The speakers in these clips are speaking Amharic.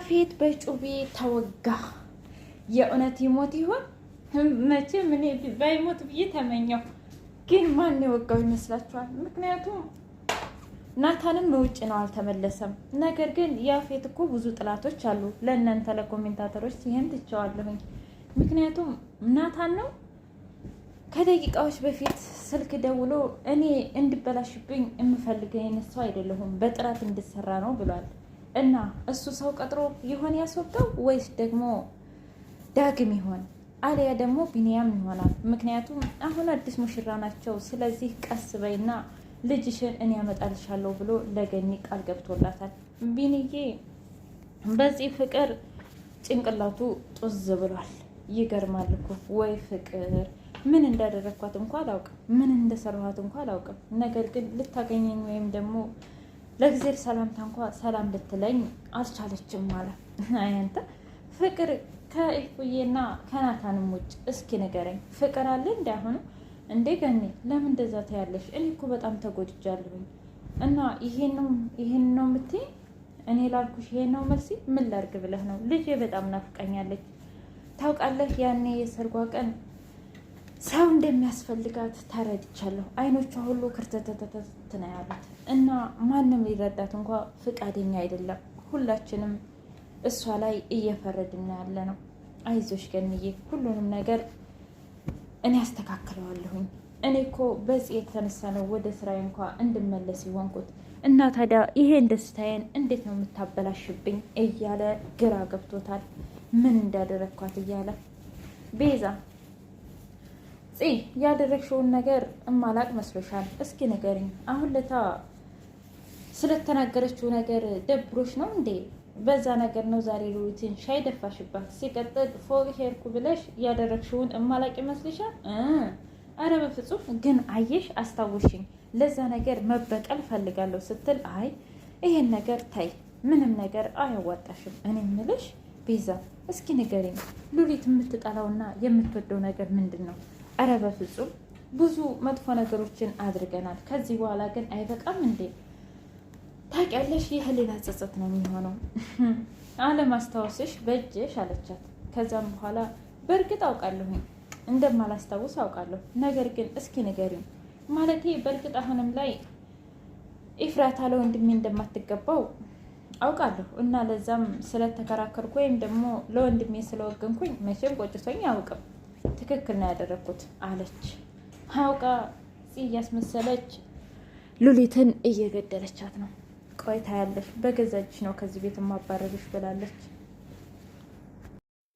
ያፌት በጩቤ ተወጋ። የእውነት ይሞት ይሆን? መቼም እኔ ባይሞት ብዬ ተመኘው። ግን ማን የወጋው ይመስላችኋል? ምክንያቱም ናታንም ውጭ ነው አልተመለሰም። ነገር ግን ያፌት እኮ ብዙ ጥላቶች አሉ። ለእናንተ ለኮሜንታተሮች ይህን ትቸዋለሁኝ። ምክንያቱም ናታን ነው ከደቂቃዎች በፊት ስልክ ደውሎ እኔ እንድበላሽብኝ የምፈልገ አይነት ሰው አይደለሁም፣ በጥራት እንድሰራ ነው ብሏል። እና እሱ ሰው ቀጥሮ ይሆን ያስወጋው ወይስ ደግሞ ዳግም ይሆን አሊያ ደግሞ ቢንያም ይሆናል። ምክንያቱም አሁን አዲስ ሙሽራ ናቸው። ስለዚህ ቀስ በይና ልጅሽን እኔ ያመጣልሻለሁ ብሎ ለገኒ ቃል ገብቶላታል። ቢንዬ በዚህ ፍቅር ጭንቅላቱ ጡዝ ብሏል። ይገርማል እኮ ወይ ፍቅር! ምን እንዳደረግኳት እንኳ አላውቅም፣ ምን እንደሰራኋት እንኳ አላውቅም። ነገር ግን ልታገኘኝ ወይም ደግሞ ለጊዜር ሰላምታ እንኳ ሰላም ልትለኝ አልቻለችም ማለት አያንተ ፍቅር ከኢፉዬና ከናታንም ውጭ እስኪ ንገረኝ ፍቅር አለ እንዲ አሁንም እንዴ ገኒ ለምን እንደዛ ታያለሽ እኔ እኮ በጣም ተጎድጃለሁኝ እና ይሄን ነው ይሄን ነው የምትይኝ እኔ ላልኩሽ ይሄን ነው መልሲ ምን ላርግ ብለህ ነው ልጄ በጣም ናፍቀኛለች። ታውቃለህ ያኔ የሰርጓ ቀን ሰው እንደሚያስፈልጋት ተረድቻለሁ። አይኖቿ ሁሉ ክርተተተተት ነው ያሉት እና ማንም ሊረዳት እንኳ ፍቃደኛ አይደለም። ሁላችንም እሷ ላይ እየፈረድን ያለ ነው። አይዞሽ ገንዬ፣ ሁሉንም ነገር እኔ አስተካክለዋለሁኝ። እኔ እኮ በጽ የተነሳ ነው ወደ ስራዬ እንኳ እንድመለስ ይሆንኩት እና ታዲያ ይሄን ደስታዬን እንዴት ነው የምታበላሽብኝ? እያለ ግራ ገብቶታል። ምን እንዳደረግኳት እያለ ቤዛ ፂ ያደረግሽውን ነገር እማላቅ መስሎሻል? እስኪ ንገሪኝ። አሁን ለታ ስለተናገረችው ነገር ደብሮች ነው እንዴ? በዛ ነገር ነው ዛሬ ሉሊትን ሻይ ደፋሽባት። ሲቀጥል ፎቅ ሄድኩ ብለሽ ያደረግሽውን እማላቅ ይመስልሻል? አረ በፍጹም ግን አየሽ፣ አስታወሽኝ። ለዛ ነገር መበቀል ፈልጋለሁ ስትል አይ ይሄን ነገር ታይ፣ ምንም ነገር አያዋጣሽም። እኔ ምልሽ ቤዛ፣ እስኪ ንገሪኝ ሉሊት የምትጠላውና የምትወደው ነገር ምንድን ነው? ኧረ በፍጹም ብዙ መጥፎ ነገሮችን አድርገናል። ከዚህ በኋላ ግን አይበቃም እንዴ? ታውቂያለሽ፣ የህሊና ጸጸት ነው የሚሆነው አለማስታወስሽ በእጅሽ አለቻት። ከዚያም በኋላ በእርግጥ አውቃለሁኝ እንደማላስታውስ አውቃለሁ። ነገር ግን እስኪ ንገሪው ማለቴ በእርግጥ አሁንም ላይ ኢፍራታ ለወንድሜ እንደማትገባው አውቃለሁ እና ለዛም ስለተከራከርኩ ወይም ደግሞ ለወንድሜ ስለወገንኩኝ መቼም ቆጭቶኝ አያውቅም። ትክክል ነው ያደረግኩት አለች። አውቃ እያስመሰለች ሉሊትን እየገደለቻት ነው። ቆይታ ያለሽ በገዛ ነው ከዚህ ቤት ማባረርሽ ብላለች።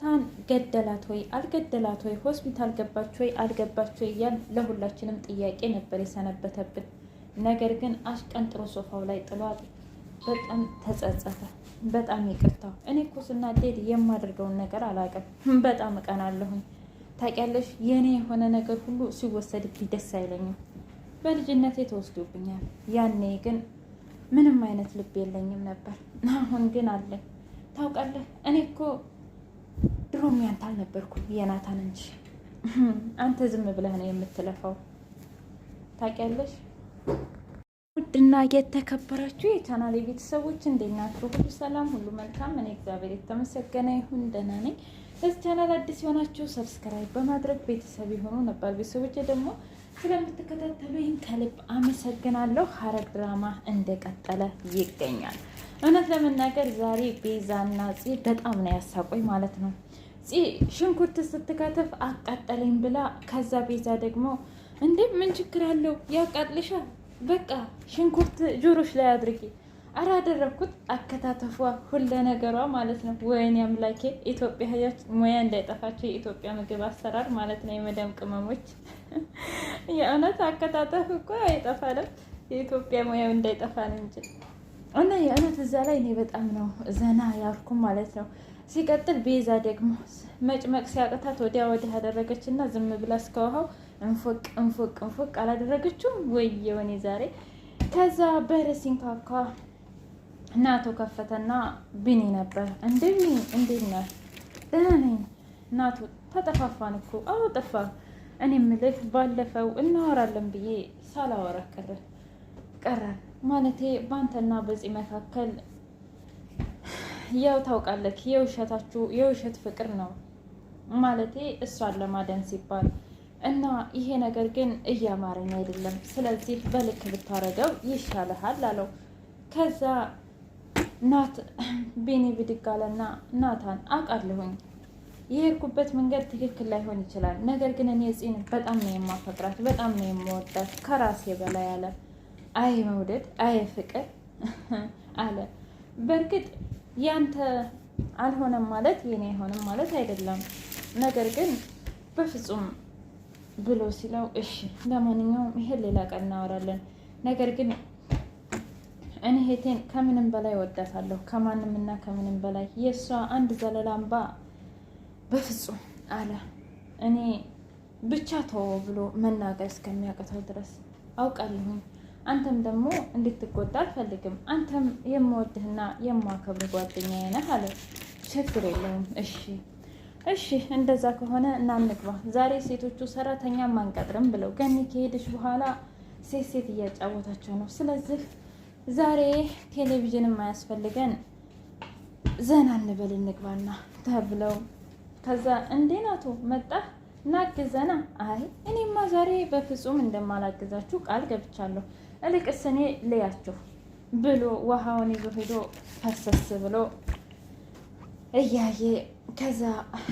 ታን ገደላት ወይ አልገደላት ወይ ሆስፒታል ገባች ወይ አልገባች ወይ እያል ለሁላችንም ጥያቄ ነበር የሰነበተብን። ነገር ግን አሽቀንጥሮ ሶፋው ላይ ጥሏት በጣም ተጸጸተ። በጣም ይቅርታ፣ እኔ እኮ ስናደድ የማደርገውን ነገር አላውቅም። በጣም እቀናለሁኝ። ታውቂያለሽ፣ የእኔ የሆነ ነገር ሁሉ ሲወሰድብኝ ደስ አይለኝም። በልጅነቴ ተወስዶብኛል። ያኔ ግን ምንም አይነት ልብ የለኝም ነበር። አሁን ግን አለ ታውቃለህ፣ እኔ እኮ ድሮም ያንተ አልነበርኩም የናታን እንጂ አንተ ዝም ብለህ ነው የምትለፋው። ታውቂያለሽ ውድና የተከበራችሁ የቻናል ቤተሰቦች እንዴት ናችሁ? ሁሉ ሰላም፣ ሁሉ መልካም። እኔ እግዚአብሔር የተመሰገነ ይሁን ደህና ነኝ። ለዚህ ቻናል አዲስ የሆናችሁ ሰብስክራይብ በማድረግ ቤተሰብ የሆኑ ነባር ቤተሰቦች ደግሞ ስለምትከታተሉኝ ከልብ አመሰግናለሁ። ሐረግ ድራማ እንደቀጠለ ይገኛል። እውነት ለመናገር ዛሬ ቤዛና ፂ በጣም ነው ያሳቆኝ ማለት ነው። ፂ ሽንኩርት ስትከትፍ አቃጠለኝ ብላ ከዛ ቤዛ ደግሞ እንዴ ምን ችግር አለው ያቃጥልሻ፣ በቃ ሽንኩርት ጆሮሽ ላይ አድርጌ አላደረግኩት አከታተፏ ሁለ ነገሯ ማለት ነው። ወይኔ አምላኬ! ኢትዮጵያ ህያች ሙያ እንዳይጠፋቸው የኢትዮጵያ ምግብ አሰራር ማለት ነው። የመዳም ቅመሞች የእውነት አከታተፍ እኮ አይጠፋለም። የኢትዮጵያ ሙያ እንዳይጠፋ ነው እንጂ እና የእውነት እዛ ላይ እኔ በጣም ነው ዘና ያልኩም ማለት ነው። ሲቀጥል ቤዛ ደግሞ መጭመቅ ሲያቅታት ወዲያ ወዲህ አደረገች እና ዝም ብላ እስከ እንፎቅ እንፎቅ እንፎቅ አላደረገችውም። የሆኔ ዛሬ ከዛ በረሲንካካ እና አቶ ከፈተና ቢኒ ነበር። እንደ ቢኒ እንዴት ነህ? ደህና ነኝ። እናቱ ተጠፋፋን እኮ። አዎ ጠፋን። እኔ የምልህ ባለፈው እናወራለን ብዬ ሳላወራ ቀረ ማለቴ በአንተና በዚህ መካከል ያው ታውቃለህ፣ የውሸታችሁ የውሸት ፍቅር ነው ማለቴ እሷን ለማደን ሲባል እና ይሄ ነገር ግን እያማረኝ አይደለም። ስለዚህ በልክ ብታረገው ይሻልሃል አለው ከዛ ናት ቤኒ ብድግ አለና ናታን አውቃለሁኝ የሄድኩበት መንገድ ትክክል ላይሆን ይችላል። ነገር ግን እኔ ጽን በጣም ነው የማፈቅራት፣ በጣም ነው የምወዳት ከራሴ በላይ አለ። አይ መውደድ፣ አይ ፍቅር አለ። በእርግጥ ያንተ አልሆነም ማለት የኔ አይሆንም ማለት አይደለም። ነገር ግን በፍጹም ብሎ ሲለው እሺ፣ ለማንኛውም ይሄን ሌላ ቀን እናወራለን። ነገር ግን እኔ ሄቴን ከምንም በላይ ወዳታለሁ። ከማንም እና ከምንም በላይ የእሷ አንድ ዘለላ እንባ በፍጹም አለ እኔ ብቻ ተወ ብሎ መናገር እስከሚያቅተው ድረስ አውቃለሁኝ። አንተም ደግሞ እንድትጎዳ አልፈልግም። አንተም የምወድህና የማከብር ጓደኛዬ ነህ አለ። ችግር የለውም እሺ እሺ እንደዛ ከሆነ እናንግባ። ዛሬ ሴቶቹ ሰራተኛ ማንቀጥርም ብለው ገኒ ከሄደች በኋላ ሴት ሴት እያጫወታቸው ነው። ስለዚህ ዛሬ ቴሌቪዥን የማያስፈልገን ዘና እንበል እንግባና ተብለው ከዛ እንዴ ናቱ መጣ ናግዘና። አይ እኔማ ዛሬ በፍጹም እንደማላግዛችሁ ቃል ገብቻለሁ። እልቅስ እኔ ልያችሁ ብሎ ውሃውን ይዞ ሄዶ ፈሰስ ብሎ እያየ ከዛ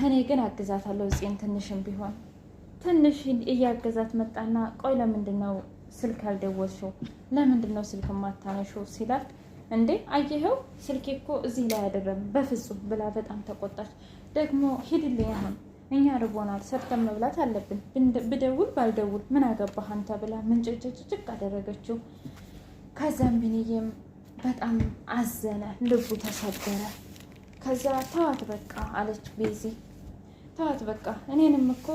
እኔ ግን አግዛታለሁ ጽን ትንሽም ቢሆን ትንሽ እያገዛት መጣና ቆይ ለምንድን ነው ስልክ ያልደወልሽው ለምንድን ነው ስልክ ማታነሽው ሲላት እንዴ አየኸው ስልኬ እኮ እዚህ ላይ አይደለም በፍጹም ብላ በጣም ተቆጣች። ደግሞ ሂድልኝ አሁን እኛ ርቦናል፣ ሰርተን መብላት አለብን። ብደውል ባልደውል ምን አገባህ አንተ ብላ ምንጭጭጭጭቅ አደረገችው። ከዛም ቢንዬም በጣም አዘነ፣ ልቡ ተሰበረ። ከዛ ተዋት በቃ አለች ቤዚ። ተዋት በቃ እኔንም እኮ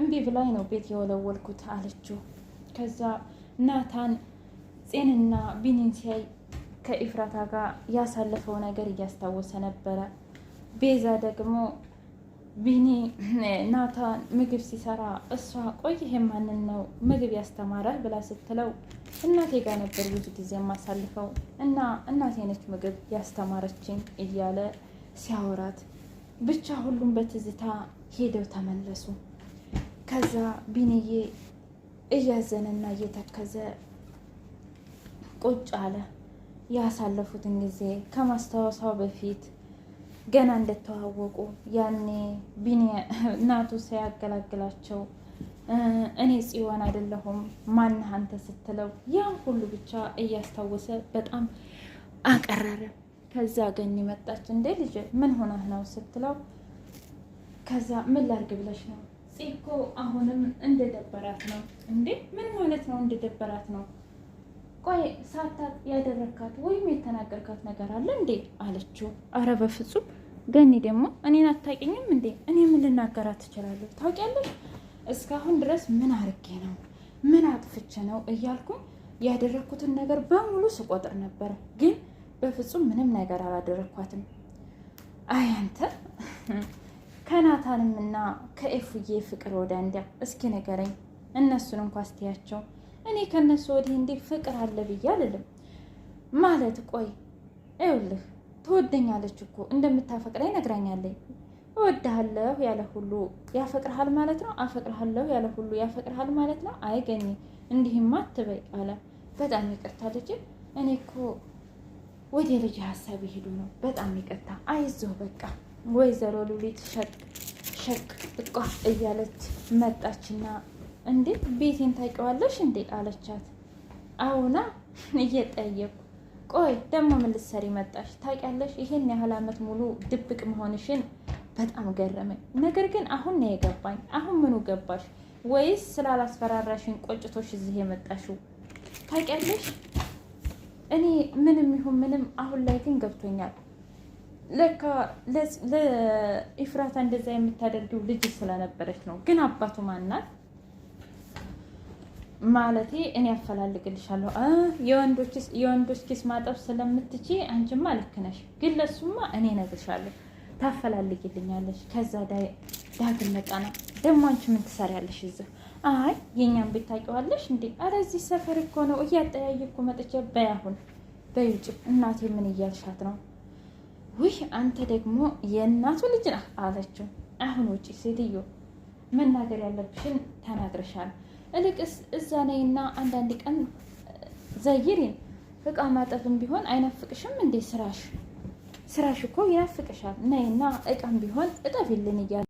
እምቢ ብላኝ ነው ቤት የወለወልኩት አለችው። ከዛ ናታን ፄንና ቢኒን ሲያይ ከኢፍራታ ጋር ያሳለፈው ነገር እያስታወሰ ነበረ። ቤዛ ደግሞ ቢኒ ናታን ምግብ ሲሰራ እሷ ቆይ ይሄ ማንን ነው ምግብ ያስተማረህ ብላ ስትለው እናቴ ጋር ነበር ብዙ ጊዜ የማሳልፈው እና እናቴ ነች ምግብ ያስተማረችኝ እያለ ሲያወራት ብቻ ሁሉም በትዝታ ሄደው ተመለሱ። ከዛ ቢኒዬ እያዘነና እየተከዘ ቁጭ አለ። ያሳለፉትን ጊዜ ከማስታወሳው በፊት ገና እንደተዋወቁ ያኔ እናቱ ሳያገላግላቸው እኔ ጽዮን አይደለሁም ማነህ አንተ ስትለው ያን ሁሉ ብቻ እያስታወሰ በጣም አቀረረ። ከዛ ገኝ መጣች። እንዴ ልጅ ምን ሆነህ ነው ስትለው፣ ከዛ ምን ላርግ ብለሽ ነው እኮ አሁንም እንደደበራት ነው እንዴ? ምን ማለት ነው እንደደበራት ነው? ቆይ ሳታት ያደረካት ወይም የተናገርካት ነገር አለ እንዴ አለችው። አረ በፍጹም ገኒ፣ ደግሞ እኔን አታውቂኝም እንዴ? እኔ ምን ልናገራት እችላለሁ? ታውቂያለሽ፣ እስካሁን ድረስ ምን አርጌ ነው ምን አጥፍቼ ነው እያልኩኝ ያደረግኩትን ነገር በሙሉ ስቆጥር ነበር፣ ግን በፍጹም ምንም ነገር አላደረግኳትም። አይ አንተ ከናታንም እና ከኤፍዬ ፍቅር ወደ እንዲያ እስኪ ንገረኝ፣ እነሱን እንኳ ስትያቸው እኔ ከእነሱ ወዲህ እንዴ ፍቅር አለ ብዬ አልልም። ማለት ቆይ ይኸውልህ ትወደኛለች እኮ እንደምታፈቅረኝ ነግራኛለኝ። እወድሃለሁ ያለ ሁሉ ያፈቅርሃል ማለት ነው። አፈቅርሃለሁ ያለ ሁሉ ያፈቅርሃል ማለት ነው። አይገኝ እንዲህማ አትበይ አለ። በጣም ይቅርታ ልጅ፣ እኔ እኮ ወደ ልጅ ሀሳብ ይሄዱ ነው። በጣም ይቅርታ። አይዞህ በቃ ወይዘሮ ሉሊት ሸክ ሸክ እቋ እያለች መጣችና እንዴ ቤቴን ታውቂዋለሽ እንዴ አለቻት። አሁና እየጠየቁ ቆይ ደግሞ ምን ልትሰሪ መጣሽ? ታውቂያለሽ ይሄን ያህል አመት ሙሉ ድብቅ መሆንሽን በጣም ገረመኝ። ነገር ግን አሁን ነው የገባኝ። አሁን ምኑ ገባሽ? ወይስ ስላላስፈራራሽን ቆጭቶሽ እዚህ የመጣሽው? ታውቂያለሽ እኔ ምንም ይሁን ምንም አሁን ላይ ግን ገብቶኛል። ለካ ለኢፍራታ እንደዛ የምታደርገው ልጅ ስለነበረች ነው። ግን አባቱ ማናት ማለቴ እኔ አፈላልግልሻለሁ የወንዶች ኪስ ማጠብ ስለምትች አንቺማ ልክ ነሽ፣ ግን ለሱማ እኔ እነግርሻለሁ ታፈላልግልኛለች። ከዛ ዳግም መጣና ደግሞ አንቺ ምን ትሰሪያለሽ እዚህ? አይ የእኛም ቤት ታውቂዋለሽ እንዴ? አረ እዚህ ሰፈር እኮ ነው እያጠያየኩ መጥቼ። በያሁን በይ ውጭ። እናቴ ምን እያልሻት ነው? እንግዲህ አንተ ደግሞ የእናቱ ልጅ ነህ አለችው። አሁን ውጪ ሴትዮ፣ መናገር ያለብሽን ተናግረሻል። እልቅስ እዛ ነይና አንዳንድ ቀን ዘይሪን እቃ ማጠብም ቢሆን አይናፍቅሽም እንዴ? ስራሽ ስራሽ እኮ ይናፍቅሻል። ነይና እቃም ቢሆን እጠፊልን እያለ